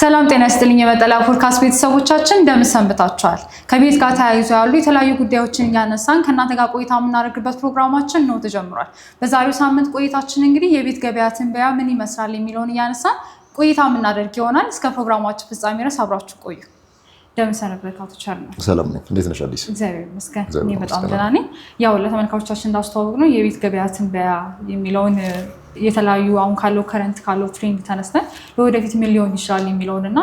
ሰላም ጤና ይስጥልኝ። የበጠላ ፖድካስት ቤተሰቦቻችን እንደምን ሰንብታችኋል? ከቤት ጋር ተያይዞ ያሉ የተለያዩ ጉዳዮችን እያነሳን ከእናንተ ጋር ቆይታ የምናደርግበት ፕሮግራማችን ነው ተጀምሯል። በዛሬው ሳምንት ቆይታችን እንግዲህ የቤት ገበያ ትንበያ ምን ይመስላል የሚለውን እያነሳን ቆይታ የምናደርግ ይሆናል። እስከ ፕሮግራማችን ፍጻሜ ድረስ አብራችሁ ቆዩ። እንደምሰነበታቶች አሉ። ሰላም ነኝ። እንዴት ነሽ አዲስ? እግዚአብሔር ይመስገን እኔ በጣም ደህና ነኝ። ያው ለተመልካቾቻችን እንዳስተዋወቅ ነው የቤት ገበያ ትንበያ የሚለውን የተለያዩ አሁን ካለው ከረንት ካለው ትሬንድ ተነስተን ለወደፊት ምን ሊሆን ይችላል የሚለውን እና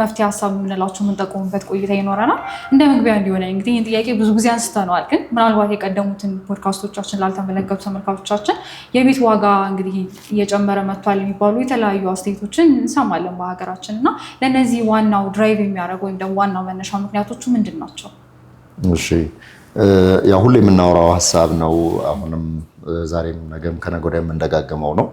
መፍትሄ ሀሳብ የምንላቸው የምንጠቁሙበት ቆይታ ይኖረናል። እንደ መግቢያ እንዲሆነ እንግዲህ ይህን ጥያቄ ብዙ ጊዜ አንስተነዋል፣ ግን ምናልባት የቀደሙትን ፖድካስቶቻችን ላልተመለከቱ ተመልካቾቻችን የቤት ዋጋ እንግዲህ እየጨመረ መጥቷል የሚባሉ የተለያዩ አስተያየቶችን እንሰማለን በሀገራችን እና ለእነዚህ ዋናው ድራይቭ የሚያደርገው ወይም ደግሞ ዋናው መነሻ ምክንያቶቹ ምንድን ናቸው? እሺ ሁሌ የምናወራው ሀሳብ ነው አሁንም ዛሬም ነገም ከነገ ወዲያ የምንደጋገመው ነው።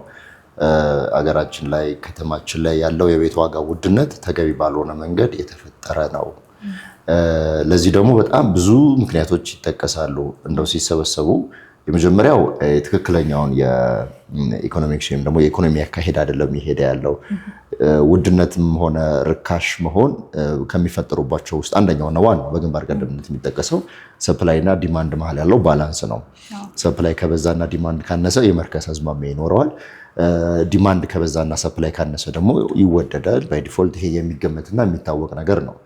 አገራችን ላይ ከተማችን ላይ ያለው የቤት ዋጋ ውድነት ተገቢ ባልሆነ መንገድ የተፈጠረ ነው። ለዚህ ደግሞ በጣም ብዙ ምክንያቶች ይጠቀሳሉ። እንደው ሲሰበሰቡ የመጀመሪያው የትክክለኛውን ኢኮኖሚክ ወይም ደግሞ የኢኮኖሚ አካሄድ አይደለም ይሄደ ያለው። ውድነትም ሆነ ርካሽ መሆን ከሚፈጠሩባቸው ውስጥ አንደኛውና ዋናው በግንባር ቀደምነት የሚጠቀሰው እና ዲማንድ መሀል ያለው ባላንስ ነው። ሰፕላይ ከበዛና ዲማንድ ካነሰ የመርከስ አዝማሚያ ይኖረዋል። ዲማንድ ከበዛና ሰፕላይ ካነሰ ደግሞ ይወደዳል። ባይዲፎልት ይሄ የሚገመትና የሚታወቅ ነገር ነው።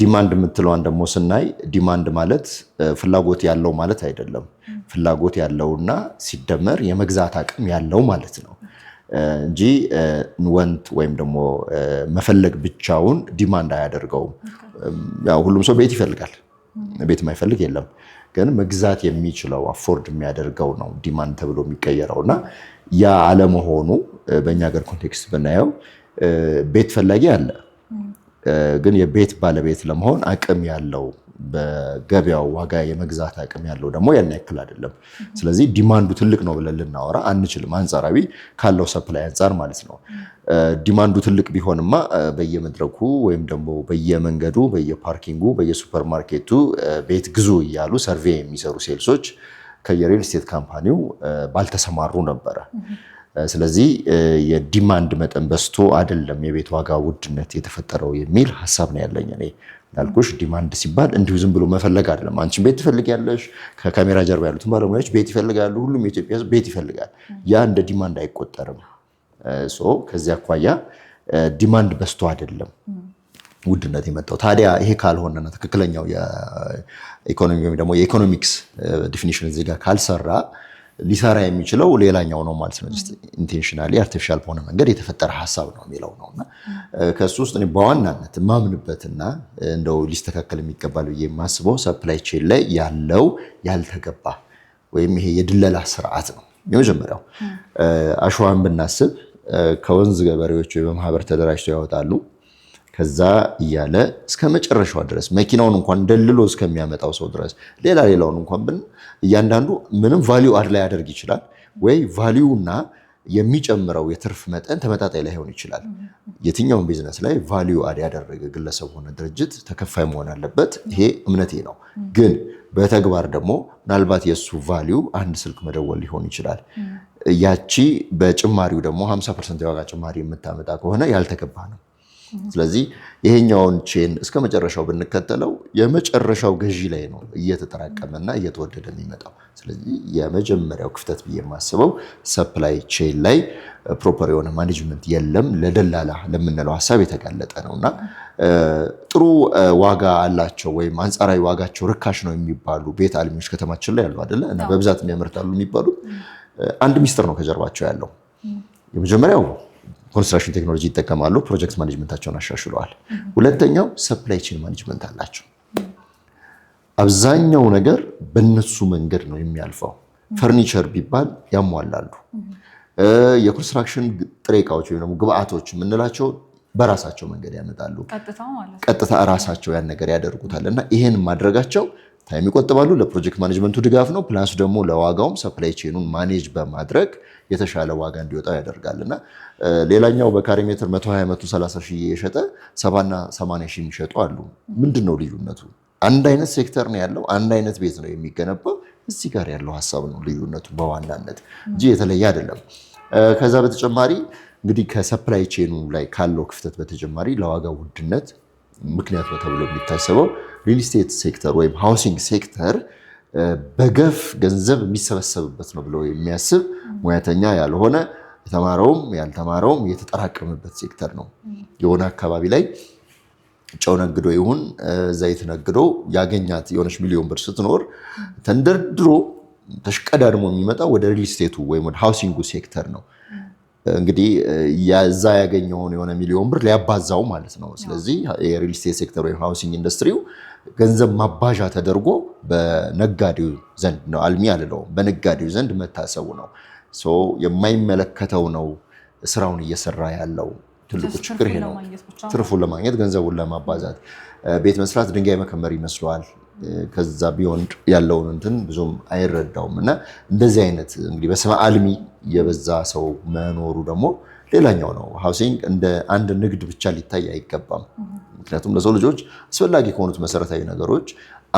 ዲማንድ የምትለዋን ደግሞ ስናይ ዲማንድ ማለት ፍላጎት ያለው ማለት አይደለም። ፍላጎት ያለውና ሲደመር የመግዛት አቅም ያለው ማለት ነው እንጂ ወንት ወይም ደግሞ መፈለግ ብቻውን ዲማንድ አያደርገውም። ያው ሁሉም ሰው ቤት ይፈልጋል፣ ቤት የማይፈልግ የለም። ግን መግዛት የሚችለው አፎርድ የሚያደርገው ነው ዲማንድ ተብሎ የሚቀየረው እና ያ አለመሆኑ በእኛ ሀገር ኮንቴክስት ብናየው ቤት ፈላጊ አለ፣ ግን የቤት ባለቤት ለመሆን አቅም ያለው በገበያው ዋጋ የመግዛት አቅም ያለው ደግሞ ያን ያክል አይደለም። ስለዚህ ዲማንዱ ትልቅ ነው ብለን ልናወራ አንችልም፣ አንጻራዊ ካለው ሰፕላይ አንጻር ማለት ነው። ዲማንዱ ትልቅ ቢሆንማ በየመድረኩ ወይም ደግሞ በየመንገዱ፣ በየፓርኪንጉ፣ በየሱፐርማርኬቱ ቤት ግዙ እያሉ ሰርቬይ የሚሰሩ ሴልሶች ከየሪል ስቴት ካምፓኒው ባልተሰማሩ ነበረ። ስለዚህ የዲማንድ መጠን በስቶ አይደለም የቤት ዋጋ ውድነት የተፈጠረው የሚል ሀሳብ ነው ያለኝ። እኔ እንዳልኩሽ ዲማንድ ሲባል እንዲሁ ዝም ብሎ መፈለግ አይደለም። አንቺን ቤት ትፈልጊያለሽ። ከካሜራ ጀርባ ያሉትን ባለሙያዎች ቤት ይፈልጋሉ። ሁሉም የኢትዮጵያ ሕዝብ ቤት ይፈልጋል። ያ እንደ ዲማንድ አይቆጠርም። ከዚያ አኳያ ዲማንድ በስቶ አይደለም ውድነት የመጣው። ታዲያ ይሄ ካልሆነ ትክክለኛው ኢኮኖሚ ወይም ደግሞ የኢኮኖሚክስ ዲፊኒሽን እዚህ ጋር ካልሰራ ሊሰራ የሚችለው ሌላኛው ነው ማለት ነው። ኢንቴንሽናሊ አርቲፊሻል በሆነ መንገድ የተፈጠረ ሀሳብ ነው የሚለው ነው እና ከሱ ውስጥ በዋናነት ማምንበትና እንደው ሊስተካከል የሚገባል ብዬ የማስበው ሰፕላይ ቼን ላይ ያለው ያልተገባ ወይም ይሄ የድለላ ስርዓት ነው የመጀመሪያው። አሸዋን ብናስብ ከወንዝ ገበሬዎች በማህበር ተደራጅተው ያወጣሉ ከዛ እያለ እስከ መጨረሻዋ ድረስ መኪናውን እንኳን ደልሎ እስከሚያመጣው ሰው ድረስ ሌላ ሌላውን እንኳን ብን እያንዳንዱ ምንም ቫሊዩ አድ ላይ ያደርግ ይችላል ወይ ቫሊዩና የሚጨምረው የትርፍ መጠን ተመጣጣኝ ላይሆን ይችላል። የትኛውን ቢዝነስ ላይ ቫሊዩ አድ ያደረገ ግለሰብ ሆነ ድርጅት ተከፋይ መሆን አለበት። ይሄ እምነቴ ነው። ግን በተግባር ደግሞ ምናልባት የእሱ ቫሊዩ አንድ ስልክ መደወል ሊሆን ይችላል። ያቺ በጭማሪው ደግሞ 50 ፐርሰንት የዋጋ ጭማሪ የምታመጣ ከሆነ ያልተገባ ነው። ስለዚህ ይሄኛውን ቼን እስከ መጨረሻው ብንከተለው የመጨረሻው ገዢ ላይ ነው እየተጠራቀመና እየተወደደ የሚመጣው። ስለዚህ የመጀመሪያው ክፍተት ብዬ የማስበው ሰፕላይ ቼን ላይ ፕሮፐር የሆነ ማኔጅመንት የለም፣ ለደላላ ለምንለው ሀሳብ የተጋለጠ ነው እና ጥሩ ዋጋ አላቸው ወይም አንጻራዊ ዋጋቸው ርካሽ ነው የሚባሉ ቤት አልሚዎች ከተማችን ላይ ያሉ አይደለ እና በብዛት የሚያመርታሉ የሚባሉት አንድ ሚስጥር ነው ከጀርባቸው ያለው የመጀመሪያው ኮንስትራክሽን ቴክኖሎጂ ይጠቀማሉ፣ ፕሮጀክት ማኔጅመንታቸውን አሻሽለዋል። ሁለተኛው ሰፕላይ ቼን ማኔጅመንት አላቸው። አብዛኛው ነገር በነሱ መንገድ ነው የሚያልፈው። ፈርኒቸር ቢባል ያሟላሉ። የኮንስትራክሽን ጥሬ እቃዎች ወይም ደግሞ ግብአቶች የምንላቸው በራሳቸው መንገድ ያመጣሉ። ቀጥታ ራሳቸው ያን ነገር ያደርጉታል እና ይሄን ማድረጋቸው ታይም ይቆጥባሉ። ለፕሮጀክት ማኔጅመንቱ ድጋፍ ነው። ፕላስ ደግሞ ለዋጋውም ሰፕላይ ቼኑን ማኔጅ በማድረግ የተሻለ ዋጋ እንዲወጣው ያደርጋል እና ሌላኛው በካሬ ሜትር 120 130 ሺህ የሸጠ 70ና 80 ሺህ የሚሸጡ አሉ። ምንድን ነው ልዩነቱ? አንድ አይነት ሴክተር ነው ያለው፣ አንድ አይነት ቤት ነው የሚገነባው። እዚህ ጋር ያለው ሀሳብ ነው ልዩነቱ በዋናነት እንጂ የተለየ አይደለም። ከዛ በተጨማሪ እንግዲህ ከሰፕላይ ቼኑ ላይ ካለው ክፍተት በተጨማሪ ለዋጋ ውድነት ምክንያት ነው ተብሎ የሚታሰበው ሪል ስቴት ሴክተር ወይም ሃውሲንግ ሴክተር በገፍ ገንዘብ የሚሰበሰብበት ነው ብሎ የሚያስብ ሙያተኛ ያልሆነ የተማረውም ያልተማረውም የተጠራቀመበት ሴክተር ነው። የሆነ አካባቢ ላይ ጨው ነግዶ ይሁን ዘይት ነግዶ ያገኛት የሆነች ሚሊዮን ብር ስትኖር ተንደርድሮ ተሽቀዳድሞ የሚመጣ ወደ ሪል ስቴቱ ወይም ወደ ሃውሲንጉ ሴክተር ነው። እንግዲህ የዛ ያገኘውን የሆነ ሚሊዮን ብር ሊያባዛው ማለት ነው። ስለዚህ የሪል ስቴት ሴክተር ወይም ሃውሲንግ ኢንዱስትሪው ገንዘብ ማባዣ ተደርጎ በነጋዴው ዘንድ ነው፣ አልሚ አልለውም፣ በነጋዴው ዘንድ መታሰቡ ነው። የማይመለከተው ነው ስራውን እየሰራ ያለው። ትልቁ ችግር ይሄ ነው። ትርፉን ለማግኘት ገንዘቡን ለማባዛት ቤት መስራት ድንጋይ መከመር ይመስለዋል። ከዛ ቢወንድ ያለውን እንትን ብዙም አይረዳውም። እና እንደዚህ አይነት እንግዲህ በስመ አልሚ የበዛ ሰው መኖሩ ደግሞ ሌላኛው ነው። ሃውሲንግ እንደ አንድ ንግድ ብቻ ሊታይ አይገባም። ምክንያቱም ለሰው ልጆች አስፈላጊ ከሆኑት መሰረታዊ ነገሮች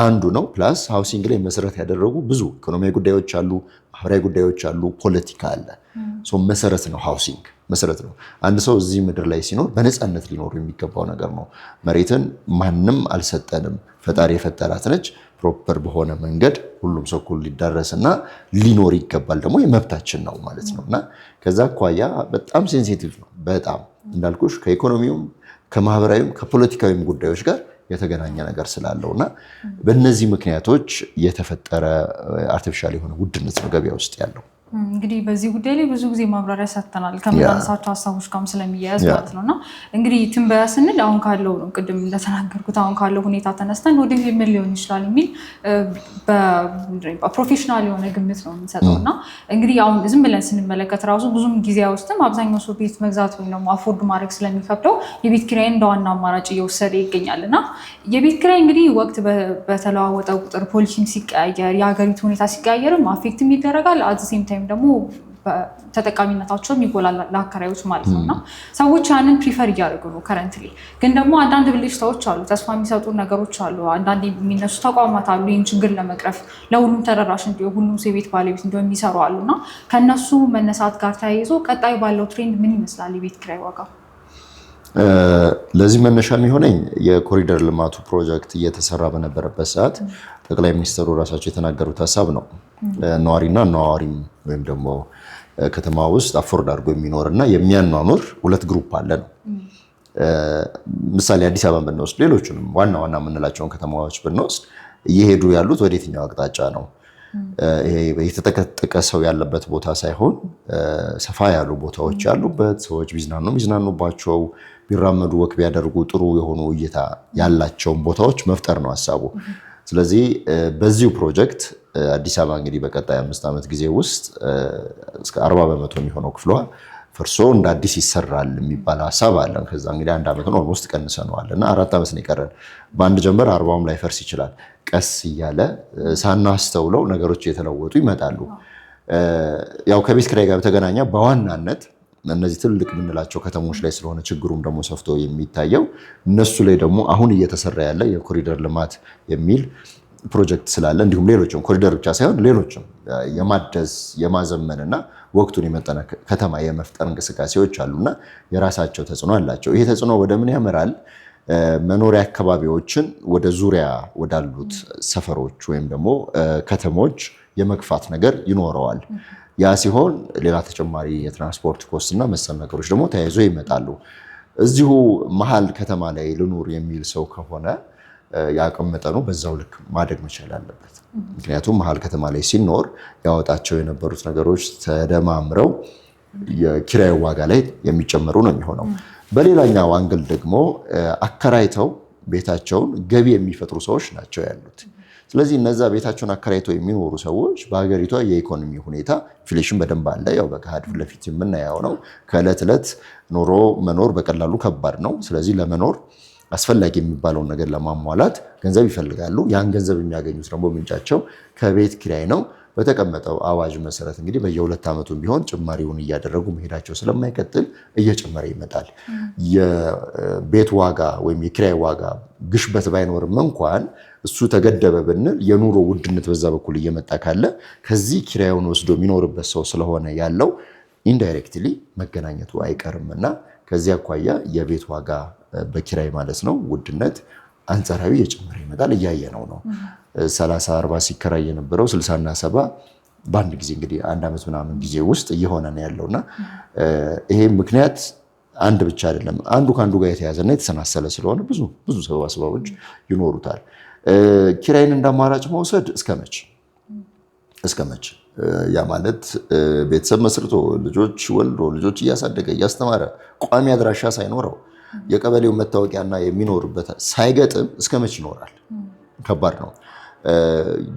አንዱ ነው። ፕላስ ሃውሲንግ ላይ መሰረት ያደረጉ ብዙ ኢኮኖሚያዊ ጉዳዮች አሉ፣ ማህበራዊ ጉዳዮች አሉ፣ ፖለቲካ አለ። መሰረት ነው ሃውሲንግ መሰረት ነው። አንድ ሰው እዚህ ምድር ላይ ሲኖር በነፃነት ሊኖሩ የሚገባው ነገር ነው። መሬትን ማንም አልሰጠንም ፈጣሪ የፈጠራት ነች። ፕሮፐር በሆነ መንገድ ሁሉም ሰው እኩል ሊዳረስና ሊኖር ይገባል። ደግሞ የመብታችን ነው ማለት ነው እና ከዛ አኳያ በጣም ሴንሲቲቭ ነው። በጣም እንዳልኩሽ ከኢኮኖሚውም ከማህበራዊም ከፖለቲካዊም ጉዳዮች ጋር የተገናኘ ነገር ስላለው እና በእነዚህ ምክንያቶች የተፈጠረ አርቲፊሻል የሆነ ውድነት ነው ገበያ ውስጥ ያለው። እንግዲህ በዚህ ጉዳይ ላይ ብዙ ጊዜ ማብራሪያ ሰጥተናል ከምናነሳቸው ሀሳቦች ጋርም ስለሚያያዝ ማለት ነው። እና እንግዲህ ትንበያ ስንል አሁን ካለው ነው ቅድም እንደተናገርኩት አሁን ካለው ሁኔታ ተነስተን ወደፊት ምን ሊሆን ይችላል የሚል ፕሮፌሽናል የሆነ ግምት ነው የምንሰጠው። እና እንግዲህ አሁን ዝም ብለን ስንመለከት ራሱ ብዙም ጊዜ ውስጥም አብዛኛው ሰው ቤት መግዛት ወይም ደግሞ አፎርድ ማድረግ ስለሚከብደው የቤት ኪራይ እንደ ዋና አማራጭ እየወሰደ ይገኛል። እና የቤት ኪራይ እንግዲህ ወቅት በተለዋወጠ ቁጥር ፖሊሲም ሲቀያየር፣ የሀገሪቱ ሁኔታ ሲቀያየርም አፌክትም ይደረጋል አት ሴም ታይም ወይም ደግሞ ተጠቃሚነታቸው ይጎላል ለአከራዮች ማለት ነው። እና ሰዎች ያንን ፕሪፈር እያደረጉ ነው ከረንትሊ። ግን ደግሞ አንዳንድ ብልሽታዎች አሉ፣ ተስፋ የሚሰጡ ነገሮች አሉ፣ አንዳንድ የሚነሱ ተቋማት አሉ። ይህን ችግር ለመቅረፍ ለሁሉም ተደራሽ እንዲ ሁሉም የቤት ባለቤት እንዲሆን የሚሰሩ አሉ እና ከእነሱ መነሳት ጋር ተያይዞ ቀጣይ ባለው ትሬንድ ምን ይመስላል የቤት ኪራይ ዋጋ? ለዚህ መነሻ የሚሆነኝ የኮሪደር ልማቱ ፕሮጀክት እየተሰራ በነበረበት ሰዓት ጠቅላይ ሚኒስትሩ ራሳቸው የተናገሩት ሀሳብ ነው። ነዋሪና ነዋሪ ወይም ደግሞ ከተማ ውስጥ አፎርድ አድርጎ የሚኖርና የሚያኗኑር ሁለት ግሩፕ አለ ነው። ምሳሌ አዲስ አበባን ብንወስድ፣ ሌሎችንም ዋና ዋና የምንላቸውን ከተማዎች ብንወስድ እየሄዱ ያሉት ወደ የትኛው አቅጣጫ ነው? የተጠቀጠቀ ሰው ያለበት ቦታ ሳይሆን ሰፋ ያሉ ቦታዎች ያሉበት ሰዎች ቢዝናኑ ቢዝናኑባቸው ቢራመዱ ወክ ቢያደርጉ ጥሩ የሆኑ እይታ ያላቸውን ቦታዎች መፍጠር ነው ሀሳቡ። ስለዚህ በዚሁ ፕሮጀክት አዲስ አበባ እንግዲህ በቀጣይ አምስት ዓመት ጊዜ ውስጥ እስከ አርባ በመቶ የሚሆነው ክፍሏ ፍርሶ እንደ አዲስ ይሰራል የሚባል ሀሳብ አለን። ከዛ እንግዲህ አንድ ዓመት ነው ኦልሞስት ቀንሰነዋል እና አራት ዓመት ነው የቀረን። በአንድ ጀንበር አርባውም ላይ ፈርስ ይችላል። ቀስ እያለ ሳናስተውለው ነገሮች እየተለወጡ ይመጣሉ። ያው ከቤት ክራይ ጋር በተገናኘ በዋናነት እነዚህ ትልቅ የምንላቸው ከተሞች ላይ ስለሆነ ችግሩም ደግሞ ሰፍቶ የሚታየው እነሱ ላይ ደግሞ አሁን እየተሰራ ያለ የኮሪደር ልማት የሚል ፕሮጀክት ስላለ እንዲሁም ሌሎችም ኮሪደር ብቻ ሳይሆን ሌሎችም የማደስ እና ወቅቱን የመጠነ ከተማ የመፍጠር እንቅስቃሴዎች አሉና የራሳቸው ተጽዕኖ አላቸው። ይሄ ተጽዕኖ ወደ ምን ያመራል? መኖሪያ አካባቢዎችን ወደ ዙሪያ ወዳሉት ሰፈሮች ወይም ደግሞ ከተሞች የመግፋት ነገር ይኖረዋል። ያ ሲሆን ሌላ ተጨማሪ የትራንስፖርት ኮስት እና መሰል ነገሮች ደግሞ ተያይዞ ይመጣሉ። እዚሁ መሀል ከተማ ላይ ልኑር የሚል ሰው ከሆነ የአቅም መጠኑ በዛው ልክ ማደግ መቻል አለበት። ምክንያቱም መሀል ከተማ ላይ ሲኖር ያወጣቸው የነበሩት ነገሮች ተደማምረው የኪራይ ዋጋ ላይ የሚጨመሩ ነው የሚሆነው። በሌላኛው አንግል ደግሞ አከራይተው ቤታቸውን ገቢ የሚፈጥሩ ሰዎች ናቸው ያሉት። ስለዚህ እነዛ ቤታቸውን አከራይተው የሚኖሩ ሰዎች በሀገሪቷ የኢኮኖሚ ሁኔታ ኢንፍሌሽን በደንብ አለ። ያው በገሃድ ፊት ለፊት የምናየው ነው። ከዕለት ዕለት ኑሮ መኖር በቀላሉ ከባድ ነው። ስለዚህ ለመኖር አስፈላጊ የሚባለውን ነገር ለማሟላት ገንዘብ ይፈልጋሉ። ያን ገንዘብ የሚያገኙት ደግሞ ምንጫቸው ከቤት ኪራይ ነው። በተቀመጠው አዋጅ መሰረት እንግዲህ በየሁለት አመቱ ቢሆን ጭማሪውን እያደረጉ መሄዳቸው ስለማይቀጥል እየጨመረ ይመጣል። የቤት ዋጋ ወይም የኪራይ ዋጋ ግሽበት ባይኖርም እንኳን እሱ ተገደበ ብንል የኑሮ ውድነት በዛ በኩል እየመጣ ካለ ከዚህ ኪራዩን ወስዶ የሚኖርበት ሰው ስለሆነ ያለው ኢንዳይሬክትሊ መገናኘቱ አይቀርም እና ከዚህ አኳያ የቤት ዋጋ በኪራይ ማለት ነው ውድነት አንጻራዊ እየጨመረ ይመጣል። እያየ ነው ነው ሰላሳ አርባ ሲከራይ የነበረው እና ሰባ በአንድ ጊዜ እንግዲህ አንድ ዓመት ምናምን ጊዜ ውስጥ እየሆነ ነው ያለው እና ይሄ ምክንያት አንድ ብቻ አይደለም። አንዱ ከአንዱ ጋር የተያዘና የተሰናሰለ ስለሆነ ብዙ ብዙ ሰበብ አስባቦች ይኖሩታል። ኪራይን እንዳማራጭ መውሰድ እስከመች እስከመች ያ ማለት ቤተሰብ መስርቶ ልጆች ወልዶ ልጆች እያሳደገ እያስተማረ ቋሚ አድራሻ ሳይኖረው የቀበሌው መታወቂያና የሚኖርበት ሳይገጥም እስከመች ይኖራል? ከባድ ነው።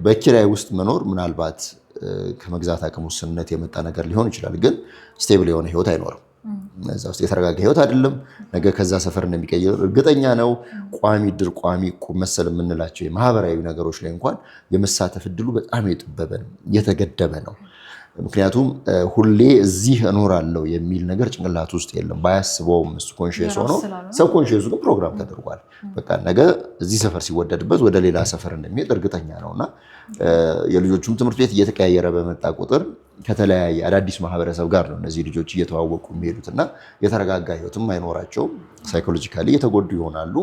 በኪራይ ውስጥ መኖር ምናልባት ከመግዛት አቅም ውስንነት የመጣ ነገር ሊሆን ይችላል፣ ግን ስቴብል የሆነ ህይወት አይኖርም። እዛ ውስጥ የተረጋጋ ህይወት አይደለም። ነገ ከዛ ሰፈር እንደሚቀይር እርግጠኛ ነው። ቋሚ ድር ቋሚ መሰል የምንላቸው የማህበራዊ ነገሮች ላይ እንኳን የመሳተፍ እድሉ በጣም የጠበበ ነው፣ የተገደበ ነው። ምክንያቱም ሁሌ እዚህ እኖራለሁ የሚል ነገር ጭንቅላት ውስጥ የለም። ባያስበውም እሱ ኮንሽስ ሆኖ ሰብ ኮንሽሱ ግን ፕሮግራም ተደርጓል። በቃ ነገ እዚህ ሰፈር ሲወደድበት ወደ ሌላ ሰፈር እንደሚሄድ እርግጠኛ ነው እና የልጆቹም ትምህርት ቤት እየተቀያየረ በመጣ ቁጥር ከተለያየ አዳዲስ ማህበረሰብ ጋር ነው እነዚህ ልጆች እየተዋወቁ የሚሄዱት እና የተረጋጋ ህይወትም አይኖራቸውም። ሳይኮሎጂካሊ እየተጎዱ ይሆናሉ።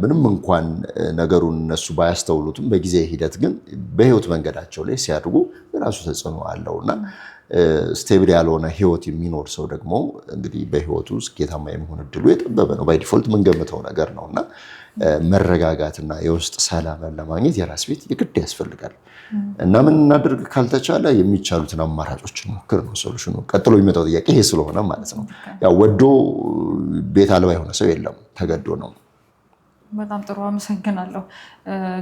ምንም እንኳን ነገሩን እነሱ ባያስተውሉትም በጊዜ ሂደት ግን በህይወት መንገዳቸው ላይ ሲያድጉ የራሱ ተጽዕኖ አለው እና ስቴብል ያልሆነ ህይወት የሚኖር ሰው ደግሞ እንግዲህ በህይወቱ ስኬታማ የመሆን እድሉ የጠበበ ነው። ዲፎልት የምንገምተው ነገር ነው እና መረጋጋትና የውስጥ ሰላምን ለማግኘት የራስ ቤት የግድ ያስፈልጋል እና ምን እናደርግ ካልተቻለ የሚቻሉትን አማራጮችን ሞክር ነው ሶሉሽኑ። ቀጥሎ የሚመጣው ጥያቄ ይሄ ስለሆነ ማለት ነው ያው ወዶ ቤት አልባ የሆነ ሰው የለም፣ ተገዶ ነው በጣም ጥሩ አመሰግናለሁ።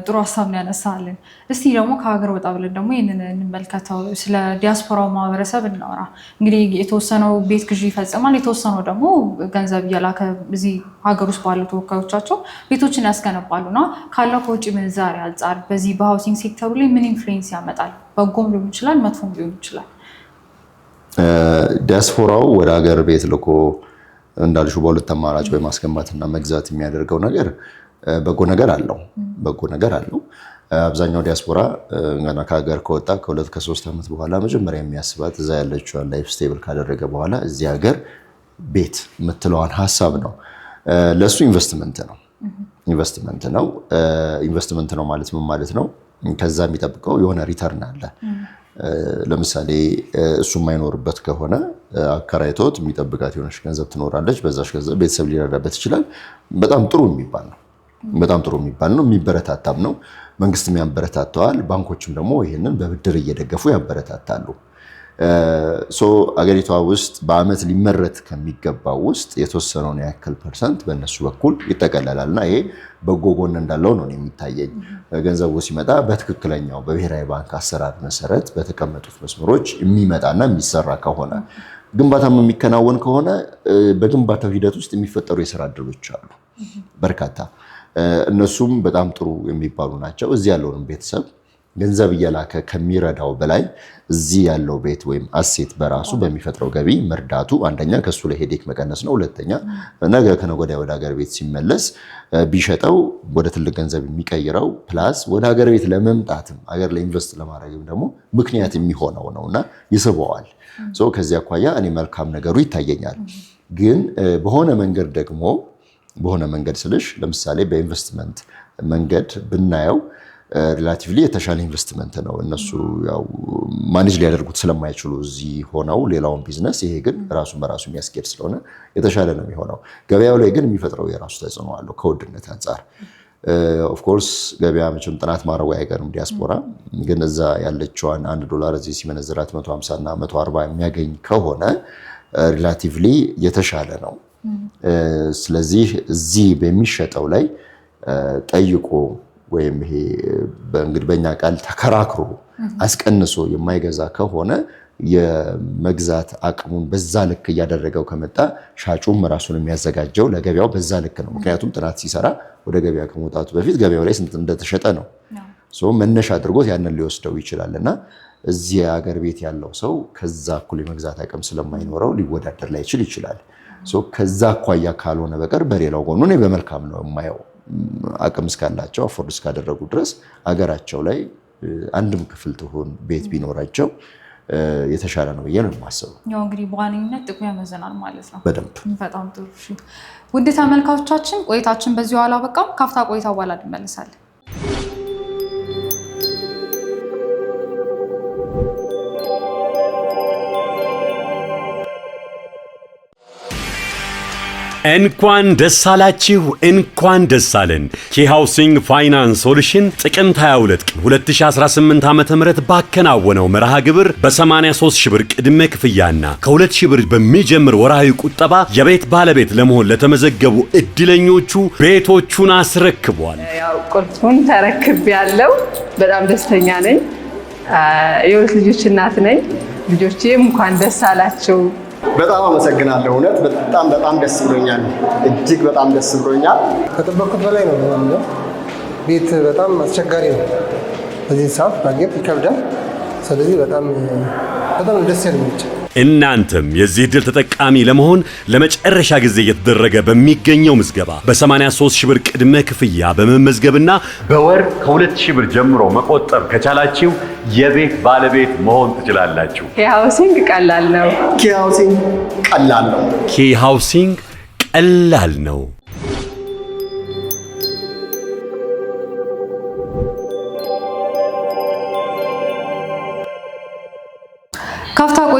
ጥሩ ሀሳብ ነው ያነሳልን። እስቲ ደግሞ ከሀገር ወጣ ብለን ደግሞ ይህንን እንመልከተው፣ ስለ ዲያስፖራው ማህበረሰብ እናወራ። እንግዲህ የተወሰነው ቤት ግዢ ይፈጽማል፣ የተወሰነው ደግሞ ገንዘብ እየላከ እዚህ ሀገር ውስጥ ባሉ ተወካዮቻቸው ቤቶችን ያስገነባሉ እና ካለው ከውጭ ምንዛሪ አንጻር በዚህ በሀውሲንግ ሴክተሩ ላይ ምን ኢንፍሉዌንስ ያመጣል? በጎም ሊሆን ይችላል፣ መጥፎም ሊሆን ይችላል። ዲያስፖራው ወደ ሀገር ቤት ልኮ እንዳልሹ በሁለት አማራጭ ወይ ማስገንባትና መግዛት የሚያደርገው ነገር በጎ ነገር አለው በጎ ነገር አለው። አብዛኛው ዲያስፖራ ገና ከሀገር ከወጣ ከሁለት ከሶስት ዓመት በኋላ መጀመሪያ የሚያስባት እዛ ያለችዋን ላይፍ ስቴብል ካደረገ በኋላ እዚህ ሀገር ቤት የምትለዋን ሀሳብ ነው። ለእሱ ኢንቨስትመንት ነው ኢንቨስትመንት ነው ኢንቨስትመንት ነው ማለት ምን ማለት ነው? ከዛ የሚጠብቀው የሆነ ሪተርን አለ ለምሳሌ እሱ የማይኖርበት ከሆነ አከራይቶት የሚጠብቃት የሆነች ገንዘብ ትኖራለች። በዛች ገንዘብ ቤተሰብ ሊረዳበት ይችላል። በጣም ጥሩ የሚባል ነው። በጣም ጥሩ የሚባል ነው። የሚበረታታም ነው። መንግስትም ያበረታተዋል። ባንኮችም ደግሞ ይህንን በብድር እየደገፉ ያበረታታሉ። አገሪቷ ውስጥ በአመት ሊመረት ከሚገባው ውስጥ የተወሰነውን ያክል ፐርሰንት በእነሱ በኩል ይጠቀለላል እና ይሄ በጎ ጎን እንዳለው ነው የሚታየኝ። ገንዘቡ ሲመጣ በትክክለኛው በብሔራዊ ባንክ አሰራር መሰረት በተቀመጡት መስመሮች የሚመጣና የሚሰራ ከሆነ ግንባታም የሚከናወን ከሆነ በግንባታው ሂደት ውስጥ የሚፈጠሩ የስራ እድሎች አሉ በርካታ። እነሱም በጣም ጥሩ የሚባሉ ናቸው። እዚህ ያለውንም ቤተሰብ ገንዘብ እየላከ ከሚረዳው በላይ እዚህ ያለው ቤት ወይም አሴት በራሱ በሚፈጥረው ገቢ መርዳቱ አንደኛ ከሱ ላይ ሄዴክ መቀነስ ነው። ሁለተኛ ነገ ከነገ ወዲያ ወደ ሀገር ቤት ሲመለስ ቢሸጠው ወደ ትልቅ ገንዘብ የሚቀይረው ፕላስ ወደ ሀገር ቤት ለመምጣትም ሀገር ላይ ኢንቨስት ለማድረግም ደግሞ ምክንያት የሚሆነው ነው እና ይስበዋል። ከዚህ አኳያ እኔ መልካም ነገሩ ይታየኛል። ግን በሆነ መንገድ ደግሞ በሆነ መንገድ ስልሽ ለምሳሌ በኢንቨስትመንት መንገድ ብናየው ሪላቲቭሊ የተሻለ ኢንቨስትመንት ነው። እነሱ ያው ማኔጅ ሊያደርጉት ስለማይችሉ እዚህ ሆነው ሌላውን ቢዝነስ፣ ይሄ ግን ራሱን በራሱ የሚያስኬድ ስለሆነ የተሻለ ነው የሚሆነው። ገበያው ላይ ግን የሚፈጥረው የራሱ ተጽዕኖ አለው ከውድነት አንጻር። ኦፍኮርስ ገበያ መቼም ጥናት ማድረጉ አይቀርም። ዲያስፖራ ግን እዛ ያለችዋን አንድ ዶላር እዚህ ሲመነዝራት 150 እና 140 የሚያገኝ ከሆነ ሪላቲቭሊ የተሻለ ነው። ስለዚህ እዚህ በሚሸጠው ላይ ጠይቆ ወይም ይሄ በእንግዲህ በእኛ ቃል ተከራክሮ አስቀንሶ የማይገዛ ከሆነ የመግዛት አቅሙን በዛ ልክ እያደረገው ከመጣ ሻጩም ራሱን የሚያዘጋጀው ለገበያው በዛ ልክ ነው። ምክንያቱም ጥናት ሲሰራ ወደ ገበያ ከመውጣቱ በፊት ገበያው ላይ ስንት እንደተሸጠ ነው መነሻ አድርጎት ያንን ሊወስደው ይችላል እና እዚህ የሀገር ቤት ያለው ሰው ከዛ እኩል የመግዛት አቅም ስለማይኖረው ሊወዳደር ላይችል ይችላል። ከዛ አኳያ ካልሆነ በቀር በሌላው ጎኑ እኔ በመልካም ነው የማየው። አቅም እስካላቸው አፎርድ እስካደረጉ ድረስ አገራቸው ላይ አንድም ክፍል ትሆን ቤት ቢኖራቸው የተሻለ ነው ብዬ ነው የማስበው። ያው እንግዲህ በዋነኝነት ጥቅሙ ያመዝናል ማለት ነው። በደንብ በጣም ጥሩ። ውድ ተመልካቾቻችን ቆይታችን በዚሁ አላበቃም። ካፍታ ቆይታ በኋላ እንመለሳለን። እንኳን ደስ አላችሁ፣ እንኳን ደስ አለን። ኪ ሃውሲንግ ፋይናንስ ሶሉሽን ጥቅምት 22 ቀን 2018 ዓ.ም ባከናወነው መርሃ ግብር በ83 ሺህ ብር ቅድመ ክፍያና ከ2 ሺህ ብር በሚጀምር ወርሃዊ ቁጠባ የቤት ባለቤት ለመሆን ለተመዘገቡ እድለኞቹ ቤቶቹን አስረክቧል። ያው ተረክብ ያለው በጣም ደስተኛ ነኝ። የሁለት ልጆች እናት ነኝ። ልጆቼም እንኳን ደስ አላቸው በጣም አመሰግናለሁ። እውነት በጣም በጣም ደስ ብሎኛል። እጅግ በጣም ደስ ብሎኛል። ከጠበቅኩት በላይ ነው። ቤት በጣም አስቸጋሪ ነው። በዚህ ሰዓት ማግኘት ይከብዳል። ስለዚህ በጣም በጣም ደስ ያለች። እናንተም የዚህ ድል ተጠቃሚ ለመሆን ለመጨረሻ ጊዜ እየተደረገ በሚገኘው ምዝገባ በ83 ሺህ ብር ቅድመ ክፍያ በመመዝገብና በወር ከ2 ሺህ ብር ጀምሮ መቆጠብ ከቻላችሁ የቤት ባለቤት መሆን ትችላላችሁ። ኪ ሃውሲንግ ቀላል ነው። ኪ ሃውሲንግ ቀላል ነው። ኪ ሃውሲንግ ቀላል ነው።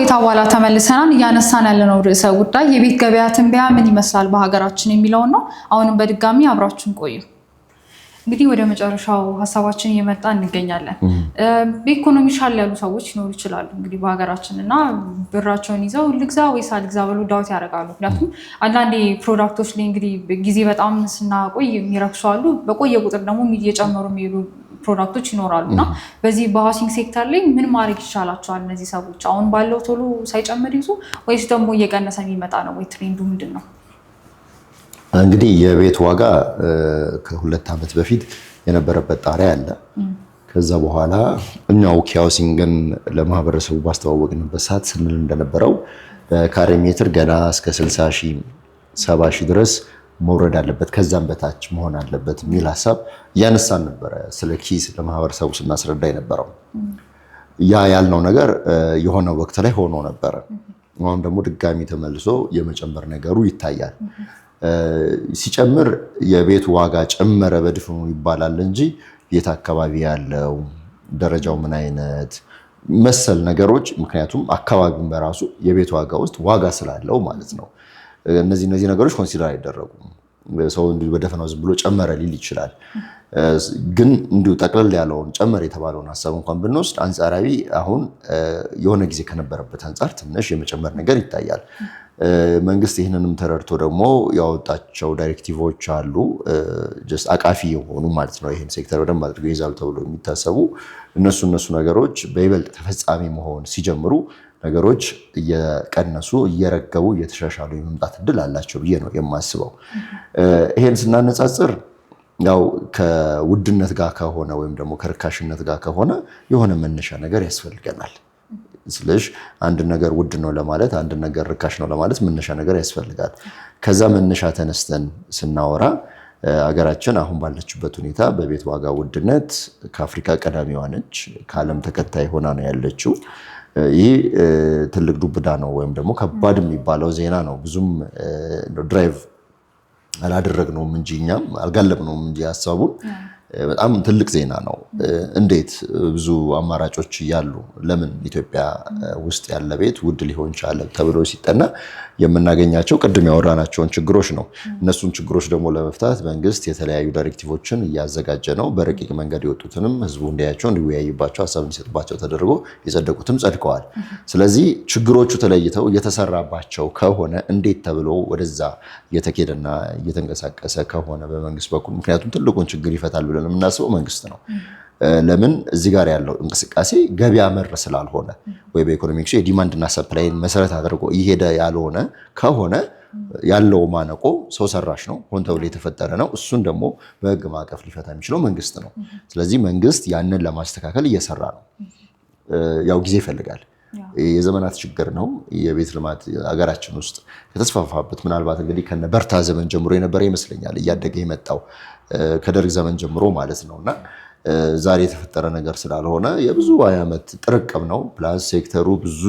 ከቆይታ በኋላ ተመልሰናል። እያነሳን ያለነው ርዕሰ ጉዳይ የቤት ገበያ ትንበያ ምን ይመስላል በሀገራችን የሚለውን ነው። አሁንም በድጋሚ አብራችን ቆዩ። እንግዲህ ወደ መጨረሻው ሀሳባችን እየመጣ እንገኛለን። በኢኮኖሚ ሻል ያሉ ሰዎች ይኖሩ ይችላሉ። እንግዲህ በሀገራችን እና ብራቸውን ይዘው ልግዛ ወይስ አልግዛ ብሎ ዳውት ያደርጋሉ። ምክንያቱም አንዳንዴ ፕሮዳክቶች ላይ እንግዲህ ጊዜ በጣም ስናቆይ የሚረክሱ አሉ። በቆየ ቁጥር ደግሞ እየጨመሩ የሚሄዱ ፕሮዳክቶች ይኖራሉ እና በዚህ በሃውሲንግ ሴክተር ላይ ምን ማድረግ ይቻላቸዋል? እነዚህ ሰዎች አሁን ባለው ቶሎ ሳይጨምር ይዙ ወይስ ደግሞ እየቀነሰ የሚመጣ ነው ወይ? ትሬንዱ ምንድን ነው? እንግዲህ የቤት ዋጋ ከሁለት ዓመት በፊት የነበረበት ጣሪያ አለ። ከዛ በኋላ እኛ ኦኬ ሃውሲንግን ለማህበረሰቡ ባስተዋወቅንበት ሰዓት ስንል እንደነበረው በካሬ ሜትር ገና እስከ 60 ሺህ 70 ሺህ ድረስ መውረድ አለበት፣ ከዛም በታች መሆን አለበት የሚል ሀሳብ እያነሳን ነበረ። ስለ ኪስ ለማህበረሰቡ ስናስረዳ የነበረው ያ ያልነው ነገር የሆነ ወቅት ላይ ሆኖ ነበረ። አሁን ደግሞ ድጋሚ ተመልሶ የመጨመር ነገሩ ይታያል። ሲጨምር የቤት ዋጋ ጨመረ በድፍኑ ይባላል እንጂ የት አካባቢ ያለው ደረጃው ምን አይነት መሰል ነገሮች፣ ምክንያቱም አካባቢውን በራሱ የቤት ዋጋ ውስጥ ዋጋ ስላለው ማለት ነው እነዚህ እነዚህ ነገሮች ኮንሲደር አይደረጉም። ሰው እንዲሁ በደፈናው ዝም ብሎ ጨመረ ሊል ይችላል። ግን እንዲሁ ጠቅለል ያለውን ጨመር የተባለውን ሀሳብ እንኳን ብንወስድ አንጻራዊ አሁን የሆነ ጊዜ ከነበረበት አንጻር ትንሽ የመጨመር ነገር ይታያል። መንግስት ይህንንም ተረድቶ ደግሞ ያወጣቸው ዳይሬክቲቮች አሉ። ጀስት አቃፊ የሆኑ ማለት ነው ይህን ሴክተር በደንብ አድርገው ይዛል ተብሎ የሚታሰቡ እነሱ እነሱ ነገሮች በይበልጥ ተፈጻሚ መሆን ሲጀምሩ ነገሮች እየቀነሱ እየረገቡ እየተሻሻሉ የመምጣት እድል አላቸው ብዬ ነው የማስበው። ይሄን ስናነጻጽር ያው ከውድነት ጋር ከሆነ ወይም ደግሞ ከርካሽነት ጋር ከሆነ የሆነ መነሻ ነገር ያስፈልገናል። ስለሽ አንድ ነገር ውድ ነው ለማለት አንድ ነገር ርካሽ ነው ለማለት መነሻ ነገር ያስፈልጋል። ከዛ መነሻ ተነስተን ስናወራ አገራችን አሁን ባለችበት ሁኔታ በቤት ዋጋ ውድነት ከአፍሪካ ቀዳሚዋ ነች። ከዓለም ተከታይ ሆና ነው ያለችው። ይህ ትልቅ ዱብዳ ነው ወይም ደግሞ ከባድ የሚባለው ዜና ነው። ብዙም ድራይቭ አላደረግነውም እንጂ እኛም አልጋለብነውም እንጂ ሀሳቡን በጣም ትልቅ ዜና ነው። እንዴት ብዙ አማራጮች እያሉ ለምን ኢትዮጵያ ውስጥ ያለ ቤት ውድ ሊሆን ቻለ ተብሎ ሲጠና የምናገኛቸው ቅድም ያወራናቸውን ችግሮች ነው። እነሱን ችግሮች ደግሞ ለመፍታት መንግስት የተለያዩ ዳይሬክቲቮችን እያዘጋጀ ነው። በረቂቅ መንገድ የወጡትንም ህዝቡ እንዲያቸው እንዲወያይባቸው፣ ሀሳብ እንዲሰጥባቸው ተደርጎ የጸደቁትም ጸድቀዋል። ስለዚህ ችግሮቹ ተለይተው እየተሰራባቸው ከሆነ እንዴት ተብሎ ወደዛ እየተኬደና እየተንቀሳቀሰ ከሆነ በመንግስት በኩል ምክንያቱም ትልቁን ችግር ይፈታል ብለ ብለን የምናስበው መንግስት ነው። ለምን እዚህ ጋር ያለው እንቅስቃሴ ገበያ መር ስላልሆነ ወይ በኢኮኖሚክሱ የዲማንድና ሰፕላይን መሰረት አድርጎ እየሄደ ያልሆነ ከሆነ ያለው ማነቆ ሰው ሰራሽ ነው፣ ሆን ተብሎ የተፈጠረ ነው። እሱን ደግሞ በህግ ማዕቀፍ ሊፈታ የሚችለው መንግስት ነው። ስለዚህ መንግስት ያንን ለማስተካከል እየሰራ ነው። ያው ጊዜ ይፈልጋል። የዘመናት ችግር ነው። የቤት ልማት ሀገራችን ውስጥ ከተስፋፋበት ምናልባት እንግዲህ ከነ በርታ ዘመን ጀምሮ የነበረ ይመስለኛል እያደገ የመጣው ከደርግ ዘመን ጀምሮ ማለት ነው እና ዛሬ የተፈጠረ ነገር ስላልሆነ የብዙ ዓመት ጥርቅም ነው። ፕላስ ሴክተሩ ብዙ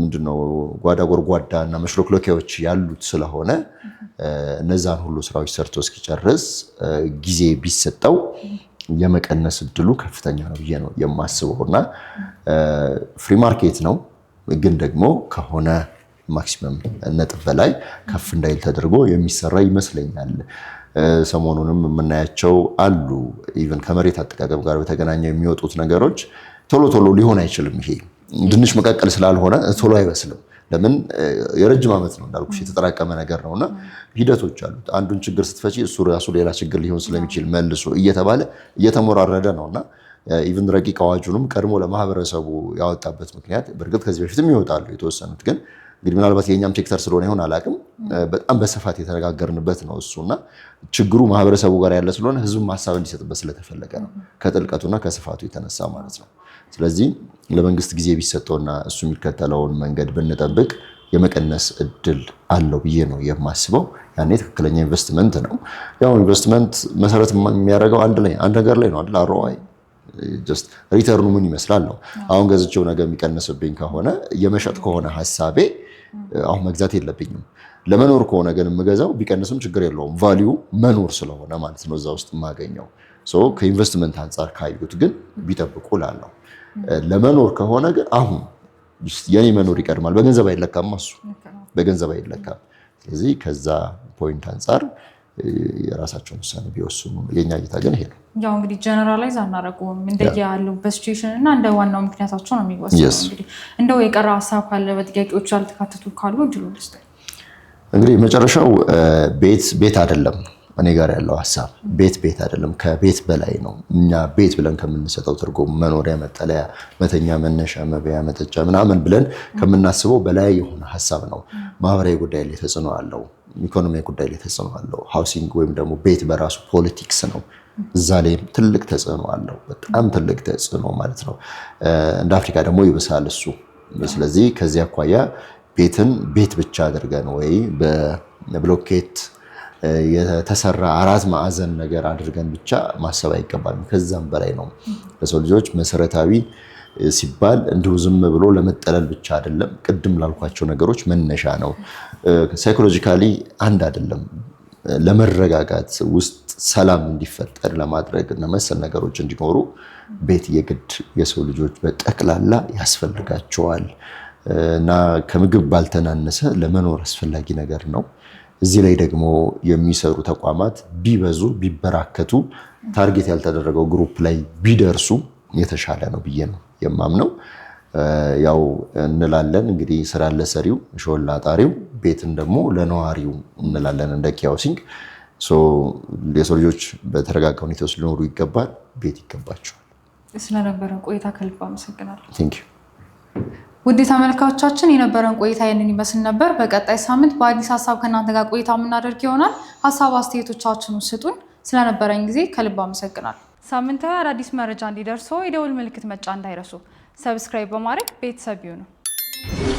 ምንድነው ጓዳ ጎርጓዳ እና መሽሎክሎኪያዎች ያሉት ስለሆነ እነዛን ሁሉ ስራዎች ሰርቶ እስኪጨርስ ጊዜ ቢሰጠው የመቀነስ እድሉ ከፍተኛ ነው ብዬ ነው የማስበው እና ፍሪ ማርኬት ነው ግን ደግሞ ከሆነ ማክሲመም ነጥብ በላይ ከፍ እንዳይል ተደርጎ የሚሰራ ይመስለኛል። ሰሞኑንም የምናያቸው አሉ። ኢቨን ከመሬት አጠቃቀም ጋር በተገናኘ የሚወጡት ነገሮች ቶሎ ቶሎ ሊሆን አይችልም። ይሄ ድንች መቀቀል ስላልሆነ ቶሎ አይበስልም። ለምን የረጅም ዓመት ነው እንዳልኩሽ የተጠራቀመ ነገር ነውና ሂደቶች አሉት። አንዱን ችግር ስትፈጪ እሱ ራሱ ሌላ ችግር ሊሆን ስለሚችል መልሶ እየተባለ እየተሞራረደ እና ኢቭን ረቂቅ አዋጁንም ቀድሞ ለማህበረሰቡ ያወጣበት ምክንያት በእርግጥ ከዚህ በፊትም ይወጣሉ የተወሰኑት ግን እንግዲህ ምናልባት የእኛም ሴክተር ስለሆነ ይሆን አላውቅም፣ በጣም በስፋት የተነጋገርንበት ነው እና ችግሩ ማህበረሰቡ ጋር ያለ ስለሆነ ህዝቡ ሀሳብ እንዲሰጥበት ስለተፈለገ ነው ከጥልቀቱና ከስፋቱ የተነሳ ማለት ነው። ስለዚህ ለመንግስት ጊዜ ቢሰጠውና እሱ የሚከተለውን መንገድ ብንጠብቅ የመቀነስ እድል አለው ብዬ ነው የማስበው። ያኔ ትክክለኛ ኢንቨስትመንት ነው። ያው ኢንቨስትመንት መሰረት የሚያደርገው አንድ ላይ አንድ ነገር ላይ ነው አይደል? አሮዋይ ሪተርኑ ምን ይመስላል ነው። አሁን ገዝቼው ነገር የሚቀንስብኝ ከሆነ የመሸጥ ከሆነ ሀሳቤ አሁን መግዛት የለብኝም። ለመኖር ከሆነ ግን የምገዛው ቢቀንስም ችግር የለውም። ቫሊዩ መኖር ስለሆነ ማለት ነው እዛ ውስጥ የማገኘው ከኢንቨስትመንት አንጻር ካዩት ግን ቢጠብቁ ላለው ለመኖር ከሆነ ግን አሁን የኔ መኖር ይቀድማል። በገንዘብ አይለካም፣ እሱ በገንዘብ አይለካም። ስለዚህ ከዛ ፖይንት አንጻር የራሳቸውን ውሳኔ ቢወስኑ፣ የኛ እይታ ግን ይሄ ነው። ያው እንግዲህ ጀነራላይዝ አናደርገውም እንደየ ያለበት ሲቹዌሽን እና እንደ ዋናው ምክንያታቸው ነው የሚወሰነው። እንግዲህ እንደው የቀረ ሀሳብ ካለ በጥያቄዎች ያልተካተቱ ካሉ እድሉ ልስጥ። እንግዲህ መጨረሻው ቤት ቤት አይደለም ነው እኔ ጋር ያለው ሀሳብ ቤት ቤት አይደለም፣ ከቤት በላይ ነው። እኛ ቤት ብለን ከምንሰጠው ትርጉም መኖሪያ፣ መጠለያ፣ መተኛ፣ መነሻ፣ መበያ፣ መጠጫ ምናምን ብለን ከምናስበው በላይ የሆነ ሀሳብ ነው። ማህበራዊ ጉዳይ ላይ ተጽዕኖ አለው። ኢኮኖሚያዊ ጉዳይ ላይ ተጽዕኖ አለው። ሃውሲንግ ወይም ደግሞ ቤት በራሱ ፖለቲክስ ነው። እዛ ላይ ትልቅ ተጽዕኖ አለው። በጣም ትልቅ ተጽዕኖ ማለት ነው። እንደ አፍሪካ ደግሞ ይብሳል እሱ። ስለዚህ ከዚህ አኳያ ቤትን ቤት ብቻ አድርገን ወይ በብሎኬት የተሰራ አራት ማዕዘን ነገር አድርገን ብቻ ማሰብ አይገባል። ከዛም በላይ ነው። ለሰው ልጆች መሰረታዊ ሲባል እንዲሁ ዝም ብሎ ለመጠለል ብቻ አይደለም። ቅድም ላልኳቸው ነገሮች መነሻ ነው። ሳይኮሎጂካሊ አንድ አይደለም። ለመረጋጋት ውስጥ ሰላም እንዲፈጠር ለማድረግ እና መሰል ነገሮች እንዲኖሩ ቤት የግድ የሰው ልጆች በጠቅላላ ያስፈልጋቸዋል እና ከምግብ ባልተናነሰ ለመኖር አስፈላጊ ነገር ነው። እዚህ ላይ ደግሞ የሚሰሩ ተቋማት ቢበዙ ቢበራከቱ ታርጌት ያልተደረገው ግሩፕ ላይ ቢደርሱ የተሻለ ነው ብዬ ነው የማምነው። ያው እንላለን እንግዲህ ስራ ለሰሪው ሾላ ጣሪው ቤትን ደግሞ ለነዋሪው እንላለን እንደ ኪያውሲንግ የሰው ልጆች በተረጋጋ ሁኔታ ውስጥ ሊኖሩ ይገባል። ቤት ይገባቸዋል። ስለነበረ ቆይታ ከልብ አመሰግናለሁ። ውድ ተመልካቾቻችን የነበረን ቆይታ ይህንን ይመስል ነበር። በቀጣይ ሳምንት በአዲስ ሀሳብ ከእናንተ ጋር ቆይታ የምናደርግ ይሆናል። ሀሳብ አስተያየቶቻችሁን ስጡን። ስለነበረን ጊዜ ከልብ አመሰግናል። ሳምንታዊ አዳዲስ መረጃ እንዲደርሰው የደውል ምልክት መጫ እንዳይረሱ ሰብስክራይብ በማድረግ ቤተሰብ ይሁኑ።